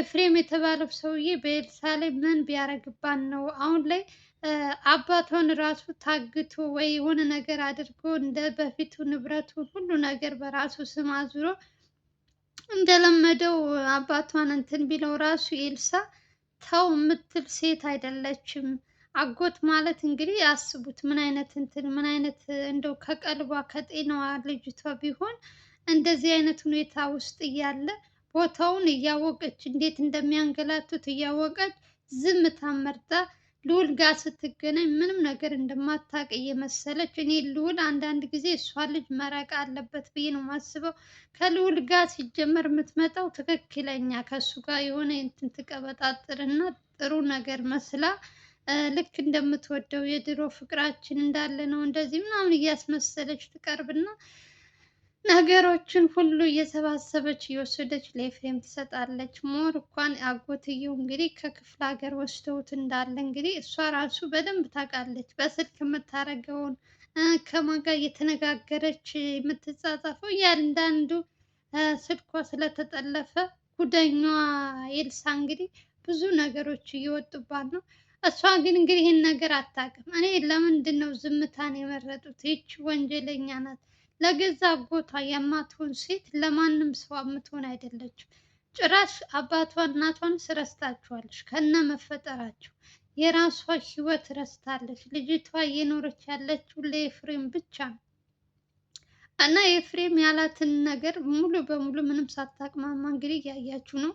ኤፍሬም የተባለው ሰውዬ በኤልሳ ላይ ምን ቢያደርግባት ነው አሁን ላይ አባቷን ራሱ ታግቶ ወይ የሆነ ነገር አድርጎ እንደ በፊቱ ንብረቱን ሁሉ ነገር በራሱ ስም አዙሮ እንደለመደው አባቷን እንትን ቢለው ራሱ ኤልሳ ተው የምትል ሴት አይደለችም። አጎት ማለት እንግዲህ አስቡት ምን አይነት እንትን ምን አይነት እንደው ከቀልቧ ከጤናዋ ልጅቷ ቢሆን እንደዚህ አይነት ሁኔታ ውስጥ እያለ ቦታውን እያወቀች እንዴት እንደሚያንገላቱት እያወቀች ዝምታ መርጣ ልዑል ጋር ስትገናኝ ምንም ነገር እንደማታውቅ እየመሰለች እኔ ልዑል አንዳንድ ጊዜ እሷ ልጅ መራቅ አለበት ብዬ ነው የማስበው። ከልዑል ጋር ሲጀመር የምትመጣው ትክክለኛ ከእሱ ጋር የሆነ እንትን ትቀበጣጥርና ጥሩ ነገር መስላ ልክ እንደምትወደው የድሮ ፍቅራችን እንዳለ ነው እንደዚህ ምናምን እያስመሰለች ትቀርብና ነገሮችን ሁሉ እየሰባሰበች እየወሰደች ለኤፍሬም ትሰጣለች። ሞር እንኳን አጎትየው እንግዲህ ከክፍለ ሀገር ወስደውት እንዳለ እንግዲህ እሷ ራሱ በደንብ ታውቃለች። በስልክ የምታረገውን ከማን ጋር እየተነጋገረች የምትጻጻፈው እያንዳንዱ ስልኳ ስለተጠለፈ ጉደኛዋ ኤልሳ እንግዲህ ብዙ ነገሮች እየወጡባት ነው። እሷ ግን እንግዲህ ይህን ነገር አታውቅም። እኔ ለምንድን ነው ዝምታን የመረጡት? ይች ወንጀለኛ ናት። ለገዛ አጎቷ የማትሆን ሴት ለማንም ሰው የምትሆን አይደለችም። ጭራሽ አባቷ እናቷን ስረስታችኋለች ከነ መፈጠራቸው የራሷ ህይወት ረስታለች። ልጅቷ እየኖረች ያለችው ለኤፍሬም ብቻ ነው እና ኤፍሬም ያላትን ነገር ሙሉ በሙሉ ምንም ሳታቅማማ እንግዲህ እያያችሁ ነው።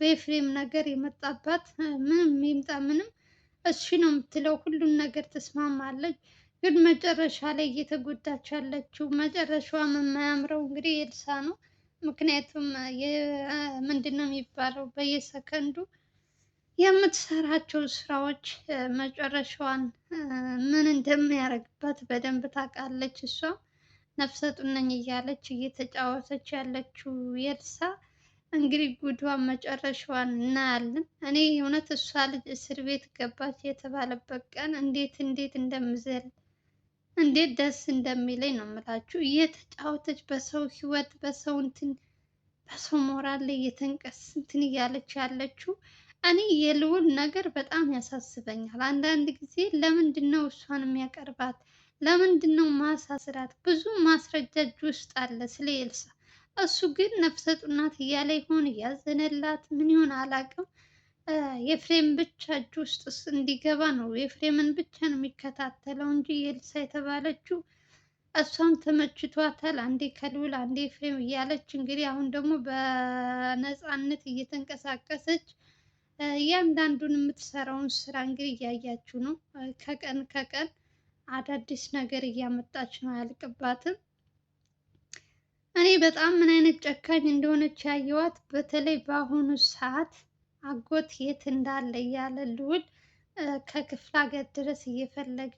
በኤፍሬም ነገር የመጣባት ምንም ይምጣ ምንም እሺ ነው የምትለው፣ ሁሉን ነገር ትስማማለች። ግን መጨረሻ ላይ እየተጎዳች ያለችው መጨረሻዋም የማያምረው እንግዲህ ኤልሳ ነው። ምክንያቱም ምንድን ነው የሚባለው በየሰከንዱ የምትሰራቸው ስራዎች መጨረሻዋን ምን እንደሚያደርግባት በደንብ ታውቃለች። እሷ ነፍሰ ጡር ነኝ እያለች እየተጫወተች ያለችው ኤልሳ እንግዲህ ጉዷን መጨረሻዋን እናያለን። እኔ እውነት እሷ ልጅ እስር ቤት ገባች የተባለበት ቀን እንዴት እንዴት እንደምዘል እንዴት ደስ እንደሚለኝ ነው የምላችሁ። እየተጫወተች በሰው ህይወት በሰው እንትን በሰው ሞራል ላይ እየተንቀስ እንትን እያለች ያለችው እኔ የልውል ነገር በጣም ያሳስበኛል። አንዳንድ ጊዜ ለምንድን ነው እሷን የሚያቀርባት? ለምንድን ነው ማሳስራት? ብዙ ማስረጃ እጅ ውስጥ አለ ስለ ኤልሳ። እሱ ግን ነፍሰ ጡር ናት እያለ ይሆን እያዘነላት ምን ይሆን አላውቅም። የፍሬም ብቻ እጅ ውስጥ እንዲገባ ነው። የፍሬምን ብቻ ነው የሚከታተለው እንጂ የልሳ የተባለችው እሷም ተመችቷታል። አንዴ ከልዑል አንዴ ፍሬም እያለች እንግዲህ አሁን ደግሞ በነፃነት እየተንቀሳቀሰች እያንዳንዱን የምትሰራውን ስራ እንግዲህ እያያችሁ ነው። ከቀን ከቀን አዳዲስ ነገር እያመጣች ነው፣ አያልቅባትም። እኔ በጣም ምን አይነት ጨካኝ እንደሆነች ያየዋት በተለይ በአሁኑ ሰዓት አጎት የት እንዳለ እያለ ልዑል ከክፍለ ሀገር ድረስ እየፈለገ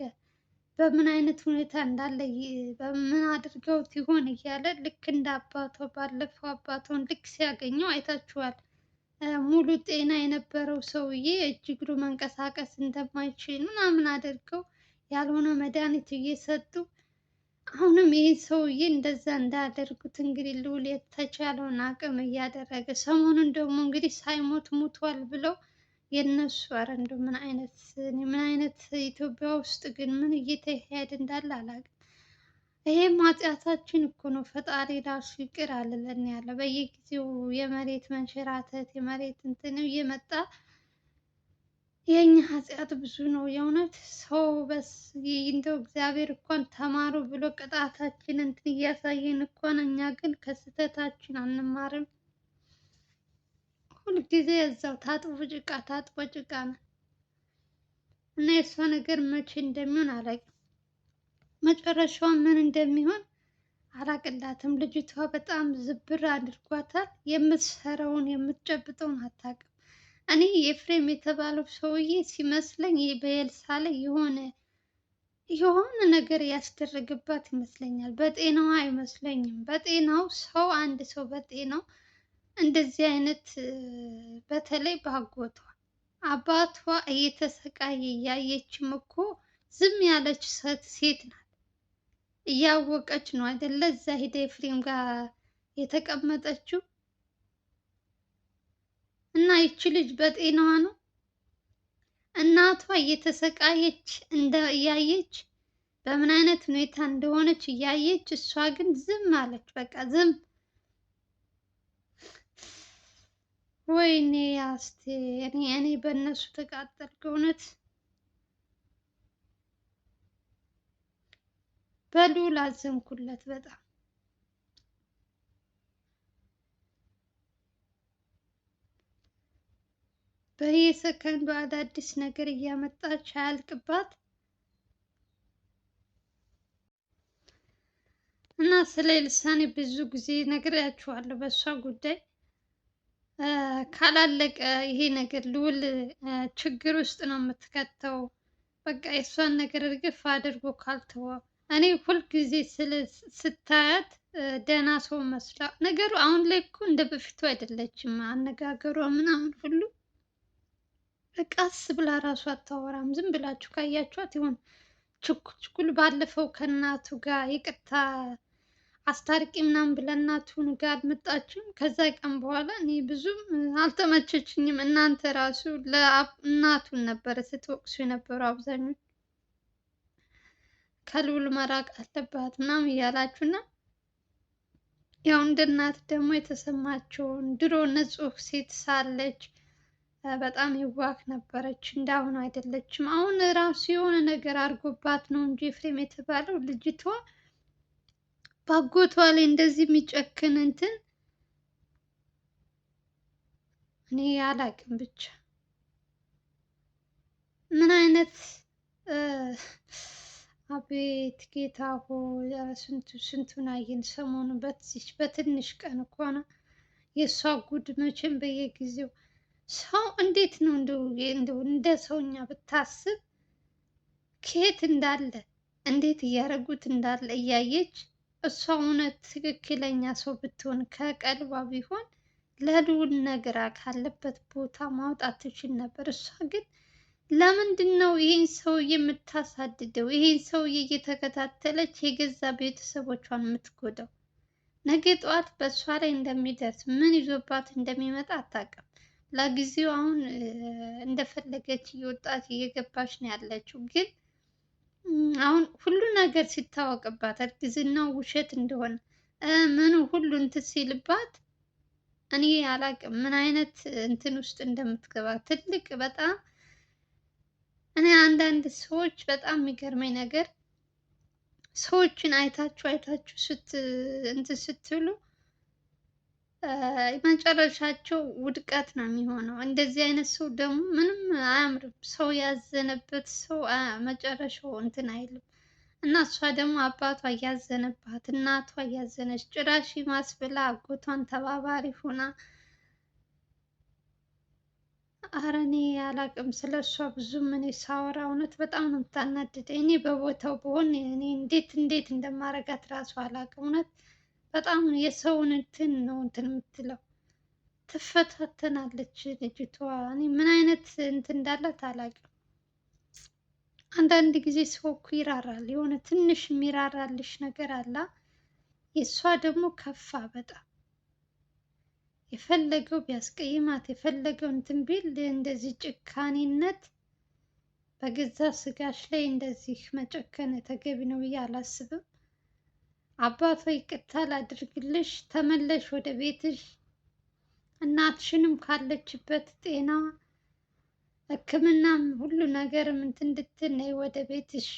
በምን አይነት ሁኔታ እንዳለ በምን አድርገውት ይሆን እያለ ልክ እንደ አባቷ ባለፈው አባቷን ልክ ሲያገኘው አይታችኋል። ሙሉ ጤና የነበረው ሰውዬ እጅ እግሩ መንቀሳቀስ እንደማይችል ምናምን አድርገው ያልሆነ መድኃኒት እየሰጡ አሁንም ይህ ሰውዬ እንደዛ እንዳያደርጉት እንግዲህ ልዑል የተቻለውን አቅም እያደረገ ሰሞኑን ደግሞ እንግዲህ ሳይሞት ሙቷል ብለው የነሱ ኧረ እንደው ምን አይነት ምን አይነት ኢትዮጵያ ውስጥ ግን ምን እየተካሄደ እንዳለ አላውቅም። ይሄም ኃጢአታችን እኮ ነው። ፈጣሪ ራሱ ይቅር አልለን ያለ በየጊዜው የመሬት መንሸራተት የመሬት እንትን እየመጣ የኛ ኃጢአት ብዙ ነው። የእውነት ሰው በስ እንደው እግዚአብሔር እንኳን ተማሩ ብሎ ቅጣታችን እንትን እያሳየን እንኳን እኛ ግን ከስህተታችን አንማርም። ሁልጊዜ እዛው ታጥቦ ጭቃ ታጥቦ ጭቃ ነው እና የእሷ ነገር መቼ እንደሚሆን አላውቅም። መጨረሻዋ ምን እንደሚሆን አላቅላትም። ልጅቷ በጣም ዝብር አድርጓታል። የምትሰራውን የምትጨብጠውን አታውቅም። እኔ ኤፍሬም የተባለው ሰውዬ ሲመስለኝ በኤልሳ ላይ የሆነ የሆነ ነገር ያስደረግባት ይመስለኛል። በጤናው አይመስለኝም። በጤናው ሰው አንድ ሰው በጤናው እንደዚህ አይነት በተለይ ባጎቷ አባቷ እየተሰቃየ እያየችም እኮ ዝም ያለች ሴት ናት። እያወቀች ነው አይደለ እዛ ሂደ ኤፍሬም ጋር የተቀመጠችው እና ይቺ ልጅ በጤናዋ ነው እናቷ እየተሰቃየች እንደ እያየች በምን አይነት ሁኔታ እንደሆነች እያየች እሷ ግን ዝም አለች። በቃ ዝም። ወይኔ አስቴር፣ እኔ በእነሱ ተቃጠልኩ እውነት። በሉ ላዘንኩለት በጣም በየሰከንዱ አዳዲስ ነገር እያመጣች አያልቅባት እና ስለ ልሳኔ ብዙ ጊዜ ነግሬያችኋለሁ። በእሷ ጉዳይ ካላለቀ ይሄ ነገር ልውል ችግር ውስጥ ነው የምትከተው። በቃ የእሷን ነገር እርግፍ አድርጎ ካልተወ እኔ ሁልጊዜ ስታያት ደህና ሰው መስላ ነገሩ አሁን ላይ እኮ እንደ በፊቱ አይደለችም። አነጋገሯ ምናምን ሁሉ ቀስ ብላ ራሱ አታወራም። ዝም ብላችሁ ካያችኋት ይሆን ችኩል ባለፈው ከእናቱ ጋር ይቅርታ አስታርቂ ምናምን ብለ እናቱን ጋር አልመጣችም። ከዛ ቀን በኋላ እኔ ብዙም አልተመቸችኝም። እናንተ ራሱ ለእናቱን ነበረ ስትወቅሱ የነበሩ አብዛኞች ከልውል መራቅ አለባት ምናምን እያላችሁና ያው እንደ እናት ደግሞ የተሰማቸውን ድሮ ንጹሕ ሴት ሳለች በጣም የዋህ ነበረች። እንዳሁኑ አይደለችም። አሁን ራሱ የሆነ ነገር አድርጎባት ነው እንጂ ኤፍሬም የተባለው ልጅቷ ባጎቷ ላይ እንደዚህ የሚጨክን እንትን እኔ አላቅም። ብቻ ምን አይነት አቤት ጌታ ሆይ ስንቱ ስንቱን አየን ሰሞኑን። በትንሽ ቀን እኮ ነው የእሷ ጉድ መቼም በየጊዜው ሰው እንዴት ነው እንደው እንደ ሰውኛ ብታስብ ከየት እንዳለ እንዴት እያደረጉት እንዳለ እያየች እሷ እውነት ትክክለኛ ሰው ብትሆን ከቀልቧ ቢሆን ለልዑል ነግራ ካለበት ቦታ ማውጣት ትችል ነበር። እሷ ግን ለምንድን ነው ይህን ሰውዬ የምታሳድደው? ይህን ሰውዬ እየተከታተለች የገዛ ቤተሰቦቿን የምትጎዳው? ነገ ጠዋት በእሷ ላይ እንደሚደርስ ምን ይዞባት እንደሚመጣ አታውቅም። ለጊዜው አሁን እንደፈለገች እየወጣች እየገባች ነው ያለችው። ግን አሁን ሁሉ ነገር ሲታወቅባት እርግዝናው ውሸት እንደሆነ ምኑ ሁሉ እንትን ሲልባት እኔ አላቅም ምን አይነት እንትን ውስጥ እንደምትገባ ትልቅ በጣም እኔ አንዳንድ ሰዎች በጣም የሚገርመኝ ነገር ሰዎችን አይታችሁ አይታችሁ ስት እንትን ስትሉ መጨረሻቸው ውድቀት ነው የሚሆነው። እንደዚህ አይነት ሰው ደግሞ ምንም አያምርም። ሰው ያዘነበት ሰው መጨረሻው እንትን አይልም እና እሷ ደግሞ አባቷ እያዘነባት፣ እናቷ እያዘነች ጭራሽ ማስብላ አጎቷን ተባባሪ ሆና አረ እኔ አላቅም። ስለ እሷ ብዙም እኔ ሳወራ እውነት በጣም ነው የምታናድደኝ። እኔ በቦታው በሆን እኔ እንዴት እንዴት እንደማረጋት ራሱ አላቅም እውነት በጣም የሰውን እንትን ነው እንትን የምትለው ትፈታተናለች ልጅቷ። እኔ ምን አይነት እንትን እንዳላት አላውቅም። አንዳንድ ጊዜ ሰው እኮ ይራራል፣ የሆነ ትንሽ የሚራራልሽ ነገር አላ። የእሷ ደግሞ ከፋ በጣም የፈለገው ቢያስቀይማት የፈለገው እንትን ቢል እንደዚህ ጭካኔነት በገዛ ስጋሽ ላይ እንደዚህ መጨከን ተገቢ ነው ብዬ አላስብም። አባቷ ይቅርታ ላድርግልሽ፣ ተመለሽ ወደ ቤትሽ። እናትሽንም ካለችበት ጤና ሕክምናም ሁሉ ነገርም እንትን እንድትል ነይ ወደ ቤትሽ።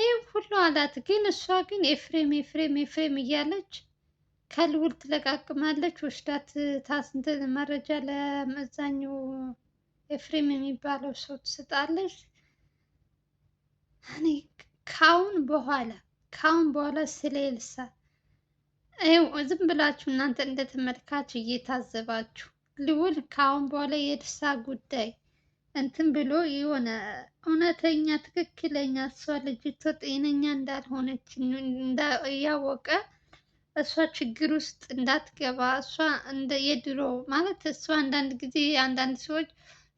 ይህም ሁሉ አላት። ግን እሷ ግን ኤፍሬም ኤፍሬም ኤፍሬም እያለች ከልውል ትለቃቅማለች። ወስዳት ታስንት መረጃ ለመዛኙ ኤፍሬም የሚባለው ሰው ትሰጣለች። እኔ ካሁን በኋላ ካሁን በኋላ ስለ ኤልሳ ይኸው ዝም ብላችሁ እናንተ እንደ ተመልካች እየታዘባችሁ ልውል ካሁን በኋላ የኤልሳ ጉዳይ እንትን ብሎ የሆነ እውነተኛ ትክክለኛ እሷ ልጅቶ ጤነኛ እንዳልሆነች እያወቀ እሷ ችግር ውስጥ እንዳትገባ እሷ እንደ የድሮ ማለት እሷ አንዳንድ ጊዜ አንዳንድ ሰዎች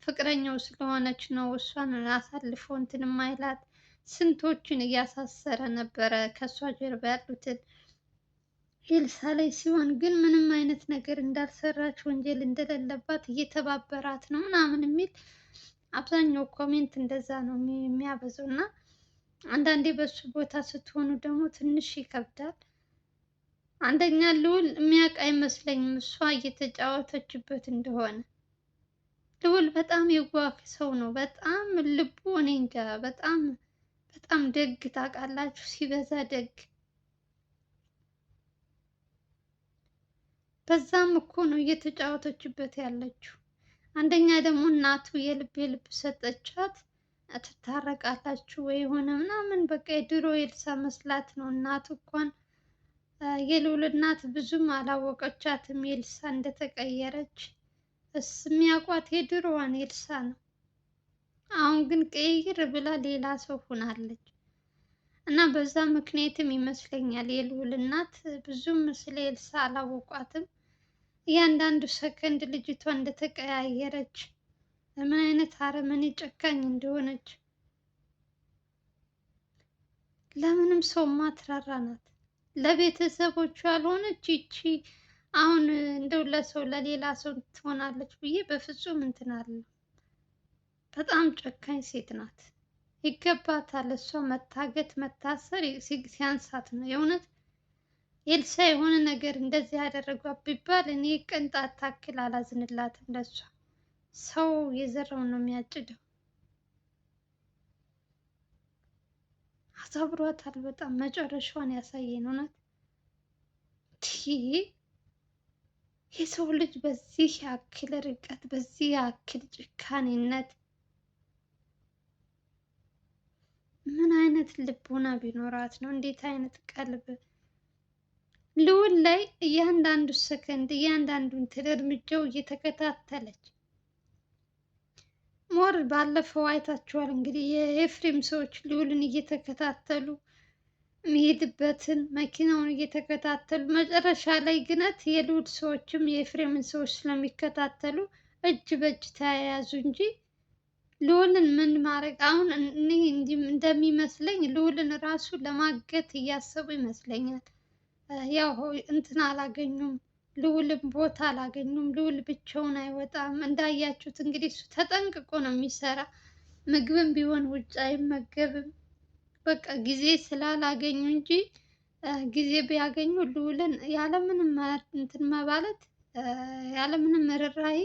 ፍቅረኛው ስለሆነች ነው እሷን አሳልፎ እንትን ማይላት ስንቶችን እያሳሰረ ነበረ ከእሷ ጀርባ ያሉትን። ኤልሳ ላይ ሲሆን ግን ምንም አይነት ነገር እንዳልሰራች ወንጀል እንደሌለባት እየተባበራት ነው ምናምን የሚል አብዛኛው ኮሜንት እንደዛ ነው የሚያበዛው እና አንዳንዴ በሱ ቦታ ስትሆኑ ደግሞ ትንሽ ይከብዳል። አንደኛ ልውል የሚያውቅ አይመስለኝም እሷ እየተጫወተችበት እንደሆነ። ልውል በጣም የዋህ ሰው ነው። በጣም ልቡ እኔ እንጃ በጣም በጣም ደግ ታውቃላችሁ፣ ሲበዛ ደግ። በዛም እኮ ነው እየተጫወተችበት ያለችው። አንደኛ ደግሞ እናቱ የልብ የልብ ሰጠቻት። ትታረቃላችሁ ወይ የሆነ ምናምን በቃ የድሮ የልሳ መስላት ነው። እናቱ እንኳን የልውል እናት ብዙም አላወቀቻትም የልሳ እንደተቀየረች። እስ የሚያውቋት የድሮዋን የልሳ ነው። አሁን ግን ቅይር ብላ ሌላ ሰው ሆናለች እና በዛ ምክንያትም ይመስለኛል የልዑል እናት ብዙም ስለ ኤልሳ አላወቋትም። እያንዳንዱ ሰከንድ ልጅቷ እንደተቀያየረች ምን አይነት አረመኔ ጨካኝ እንደሆነች ለምንም ሰው ማትራራ ናት። ለቤተሰቦቿ ያልሆነች ይቺ አሁን እንደው ለሰው ለሌላ ሰው ትሆናለች ብዬ በፍጹም እንትን በጣም ጨካኝ ሴት ናት። ይገባታል። እሷ መታገት መታሰር ሲያንሳት ነው የእውነት ኤልሳ የሆነ ነገር እንደዚህ ያደረጓት ቢባል እኔ ቅንጣት ታክል አላዝንላትም። ለሷ ሰው የዘራውን ነው የሚያጭደው። አሳብሯታል በጣም መጨረሻዋን ያሳየን። እውነት የሰው ልጅ በዚህ ያክል ርቀት፣ በዚህ ያክል ጭካኔነት ምን አይነት ልቦና ቢኖራት ነው? እንዴት አይነት ቀልብ ልውል ላይ እያንዳንዱ ሰከንድ እያንዳንዱን እርምጃው እየተከታተለች ሞር ባለፈው አይታችኋል እንግዲህ የኤፍሬም ሰዎች ልውልን እየተከታተሉ የሚሄድበትን መኪናውን እየተከታተሉ መጨረሻ ላይ ግነት የልውል ሰዎችም የኤፍሬምን ሰዎች ስለሚከታተሉ እጅ በእጅ ተያያዙ እንጂ ልዑልን ምን ማድረግ አሁን እኔ እንደሚመስለኝ ልዑልን ራሱ ለማገት እያሰቡ ይመስለኛል። ያው እንትን አላገኙም፣ ልዑልን ቦታ አላገኙም። ልዑል ብቻውን አይወጣም። እንዳያችሁት እንግዲህ እሱ ተጠንቅቆ ነው የሚሰራ። ምግብም ቢሆን ውጭ አይመገብም። በቃ ጊዜ ስላላገኙ እንጂ ጊዜ ቢያገኙ ልዑልን ያለምንም እንትን መባለት ያለምንም ርኅራኄ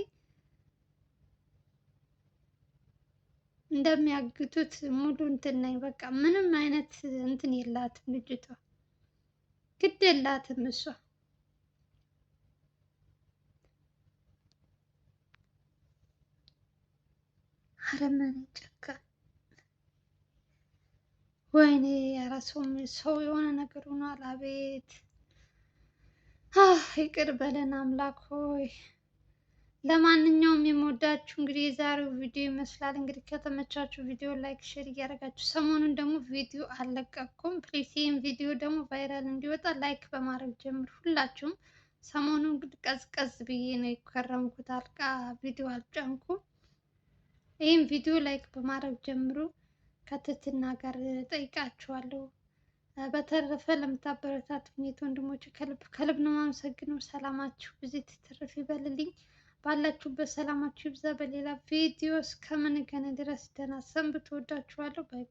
እንደሚያግቱት ሙሉ እንትን ነኝ። በቃ ምንም አይነት እንትን የላትም ልጅቷ፣ ግድ የላትም እሷ። አረመኔ ጨካ! ወይኔ ያራሰውም ሰው የሆነ ነገር ሆኗል። አቤት ይቅር በለን አምላክ ሆይ። ለማንኛውም የምወዳችሁ እንግዲህ የዛሬው ቪዲዮ ይመስላል። እንግዲህ ከተመቻችሁ ቪዲዮ ላይክ፣ ሼር እያደረጋችሁ ሰሞኑን ደግሞ ቪዲዮ አለቀኩም። ፕሊስ ይህን ቪዲዮ ደግሞ ቫይራል እንዲወጣ ላይክ በማድረግ ጀምር። ሁላችሁም ሰሞኑን እንግዲህ ቀዝቀዝ ብዬ ነው የከረምኩት፣ አልቃ ቪዲዮ አልጨንኩም። ይህም ቪዲዮ ላይክ በማድረግ ጀምሩ ከትህትና ጋር ጠይቃችኋለሁ። በተረፈ ለምታበረታቱኝ ወንድሞች ከልብ ከልብ ነው የማመሰግነው። ሰላማችሁ ብዙ ትትርፍ ይበልልኝ። ባላችሁበት ሰላማችሁ ይብዛ። በሌላ ቪዲዮ እስከምንገናኝ ድረስ ደህና ሰንብቱ። እወዳችኋለሁ። ባይ ባይ።